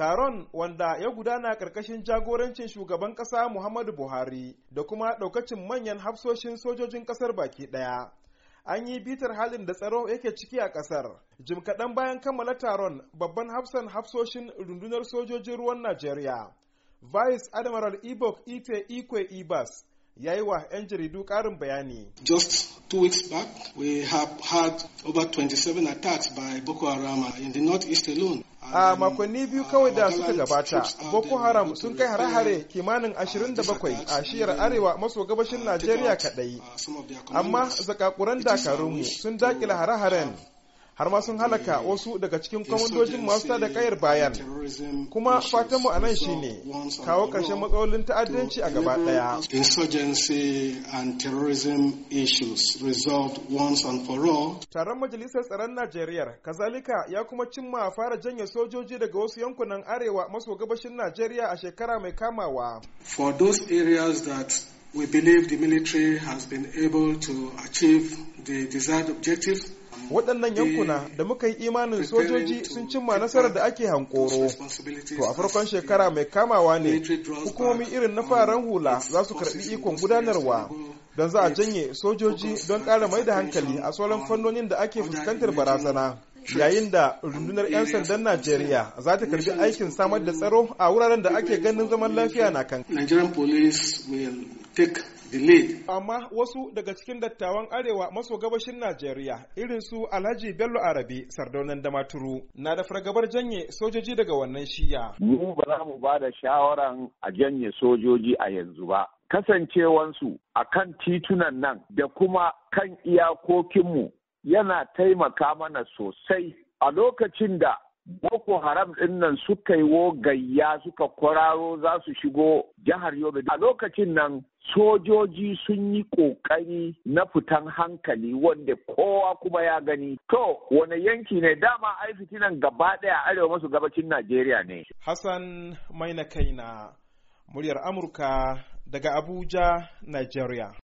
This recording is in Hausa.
taron wanda ya gudana karkashin jagorancin shugaban kasa muhammadu buhari da kuma ɗaukacin manyan hafsoshin sojojin ƙasar baki ɗaya an yi bitar halin da tsaro yake ciki a ƙasar jim kaɗan bayan kammala taron babban hafsan hafsoshin rundunar sojojin ruwan najeriya vice admiral ibok Ife ikwe ibas ya yi wa 'yan jaridu ƙarin bayani. Just two weeks back, we have had over 27 attacks by Boko Haram in the northeast alone. a makonni biyu kawai da suka gabata boko haram sun kai hare-hare kimanin 27 a shiyar arewa maso gabashin najeriya kadai amma zakakuran dakarunmu sun dakila hare-haren har ma sun halaka wasu daga cikin kwamandojin masu da kayar bayan kuma fatanmu a nan shine kawo ƙarshen matsalolin ta'addanci a gaba ɗaya insurgency and terrorism issues taron majalisar tsaron najeriya kazalika ya kuma cimma fara janye sojoji daga wasu yankunan arewa maso gabashin najeriya a shekara mai kamawa for those areas that we believe the military has been able to achieve the desired objective. waɗannan eh, yankuna da muka yi imanin sojoji sun cimma nasarar da ake hankoro to a farkon shekara mai kamawa ne hukumomi irin na um, faran hula za su karɓi ikon gudanarwa don za a janye sojoji don ƙara mai da hankali a sauran fannonin da ake fuskantar barazana yayin da rundunar 'yan sandan najeriya za ta karbi aikin samar da um, tsaro a wuraren da ake ganin zaman lafiya na kan delayed. Amma wasu daga cikin dattawan arewa maso gabashin Najeriya irin su Alhaji Bello Arabi Sardaunan Damaturu na da fargabar janye sojoji daga wannan shiya. Mu ba za mu ba da shawaran a janye sojoji a yanzu ba. Kasancewansu a kan titunan nan da kuma kan iyakokinmu yana taimaka mana sosai a lokacin da Boko Haram din nan suka yi gayya suka kwararo za su shigo jihar Yobe. A lokacin nan sojoji sun yi ƙoƙari na fitan hankali wanda kowa kuma ya gani. To, wane yanki ne dama ai fitinan gaba ɗaya arewa masu gabacin Najeriya ne. Hassan mai na Kaina, muryar Amurka daga Abuja, Najeriya.